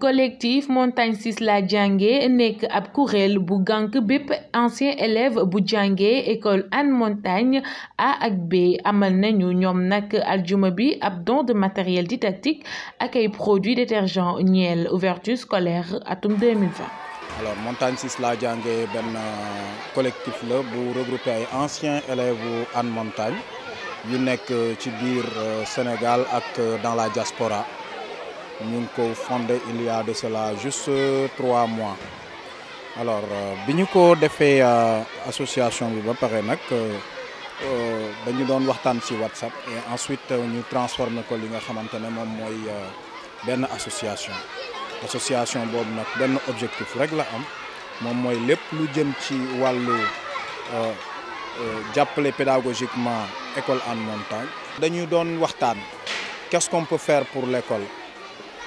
collectif Montagne 6 la jànge nek ab bu ancien élève bu école Anne Montagne A ak B amal nañu ñom nak aljuma bi de matériel didactique ak produits détergents ouverture scolaire atum 2020. alors Montagne la ben collectif bu regrouper anciens élèves Anne Montagne yu nek euh, ci euh, Sénégal ak dans la diaspora nous avons fondé il y a de cela juste trois mois alors nous avons fait l'association association nous ba pare sur euh, euh, WhatsApp et ensuite avons euh, transformé l'école li nga fait association association a nag objectif rek la am moom mooy pédagogique. lu jëm ci pédagogiquement école en montagne nous avons waxtaan qu'est-ce qu'on peut faire pour l'école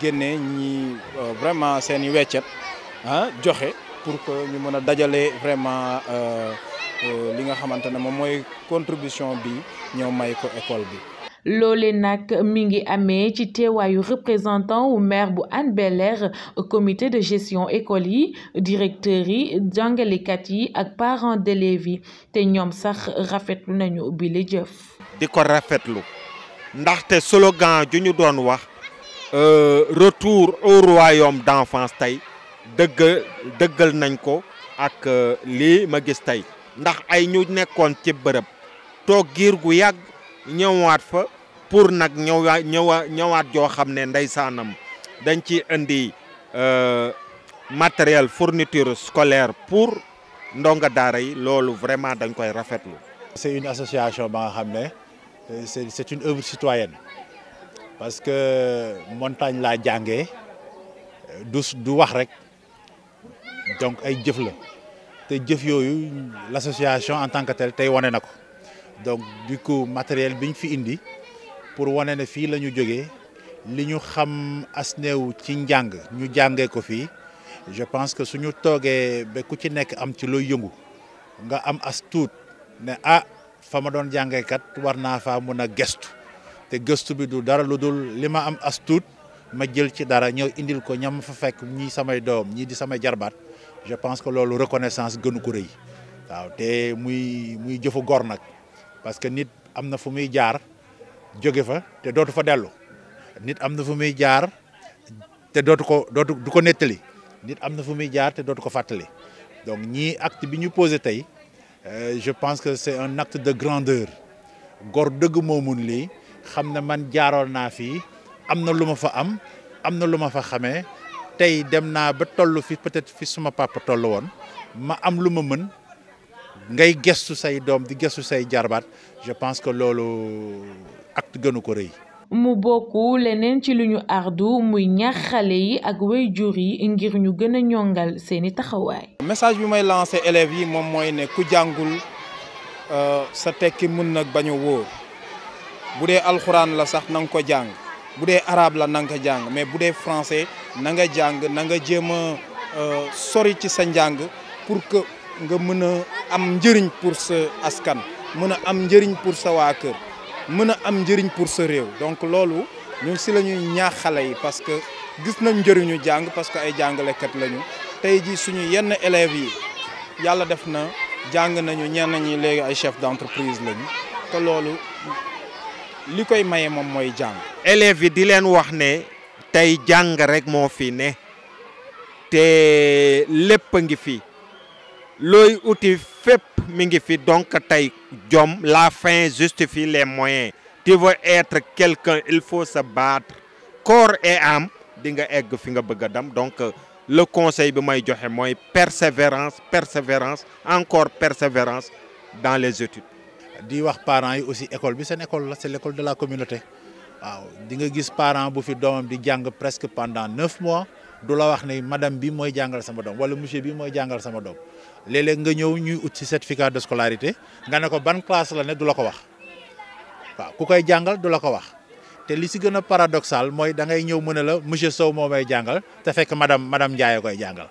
génne ñi euh, vraiment seen i weccet ah pour que ñu mën dajalé dajale vraiment euh, euh, li nga xamante mom moy contribution bi ñëw may ko école bi. lolé nak mi ngi amé ci téwayu représentant wu maire bu Anne Belair comité de gestion école yi directeur yi kat yi ak parents d'élèves yi te ñoom sax rafetlu nañu ubbi jëf. diko rafetlu ndax té slogan juñu doon wax. Euh, retour au royaume d'enfance tay dëggal deugal nañ ko ak euh, li ma gis tay ndax ay ñu nekkoon ci bërëb tok giir gu yag ñëwaat fa pour nak ñëwa ñëwa ñëwaat jo xamné ndaysanam dañ ci indi euh, matériel fourniture scolaire pour ndonga daara yi lolu vraiment dañ koy rafetlu. c'est une association ba nga xam c'est c'est une œuvre citoyenne parce que montagne la jàngee du du wax rek donc ay jëf la te jëf l'association en tant que telle tey wane na donc du coup matériel biñ fi indi pour woné né fi lañu joggé liñu xam as ci njàng ñu jangé ko fi je pense que suñu togué be ku ci nek am ci looy yëngu nga am as tuut ne ah fa ma doon jàngee kat war fa mëna mën gestu té gëstu bi du dara lu dul li am as tuut ma jël ci dara ñëw indil ko ñam fa fekk ñi samay doom ñi di samay jarbat je pense que lolu reconnaissance gënu ko reuy waaw té muy muy jëfu gor nak parce que nit amna fu muy jaar joggé fa té dootu fa dellu nit amna fu muy jaar té dootu ko dootu du ko nettali nit amna fu muy jaar té dootu ko fàttali donc ñi acte bi ñu poser tay euh, je pense que c'est un acte de grandeur gor deug momun li xam ne man jaaroon naa fii am na lu ma fa am am na lu ma fa xamee tey dem naa ba toll fi peut-être fi suma papa toll woon ma am lu ma mën ngay gestu say doom di gestu say jarbaat je pense que loolu acte gënu ko rëy. mu bokk leneen ci lu ñu ardu muy ñaax xale yi ak waajur yi ngir ñu gën a ñongal seeni taxawaay. message bi may lancé élèves yi moom mooy ne ku jàngul euh, sa tekki mën na bañ a wóor. boudé alcorane la sax nang ko jang boudé arabe la nang ko jang mais boudé français na nga jang na nga djema a euh, sori ci sa jang pour que nga meuna am njëriñ pour ce askan meuna am njëriñ pour sa waa kër am njëriñ pour sa rew donc lolu ñun si lañuy ñuy ñaax yi parce que gis nañ njëriñu jang parce que ay kat lañu tay ji suñu yenn élève yi yalla def na jang nañu ñenn ñi légui ay chef d'entreprise lañu te lolu li koy maye mom moy jang élèves yi di len wax ne tay jang rek mo fi ne te lepp ngi fi loy mi ngi fi donc tay jom la fin justifie les moyens tu veux être quelqu'un il faut se battre corps et âme di nga egg fi nga bëgg dam donc le conseil bi may joxe persévérance persévérance encore persévérance dans les études di wax parents yi aussi école bi seen école la c'est l'école de la communauté waaw di nga gis parent bu fi doomam di jàng presque pendant neuf mois du la wax ne madame bi mooy jàngal sama doom wala monsieur bi mooy jàngal sama doom léeg-léeg nga ñëw ñuy ut ci certificat de scolarité nga ne ko ban classe la ne du la ko wax waaw ku koy jàngal du la ko wax te li si gën a paradoxal mooy da ngay ñëw mën la monsieur Sow moo may jàngal te fekk madame madame Ndiaye koy jàngal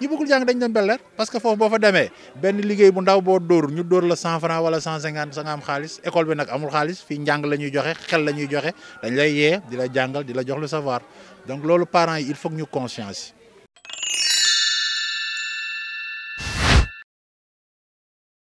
ñi bëggul jàng dañ dem belleer parce que foofu boo fa demee benn liggéey bu ndaw boo dóor ñu dóor la cent franc wala cent cinquante sa nga xaalis école bi nag amul xaalis fii njàng la ñuy joxe xel la ñuy joxe dañ la yee di la jàngal di la jox lu savoir donc loolu parents il faut ñu conscience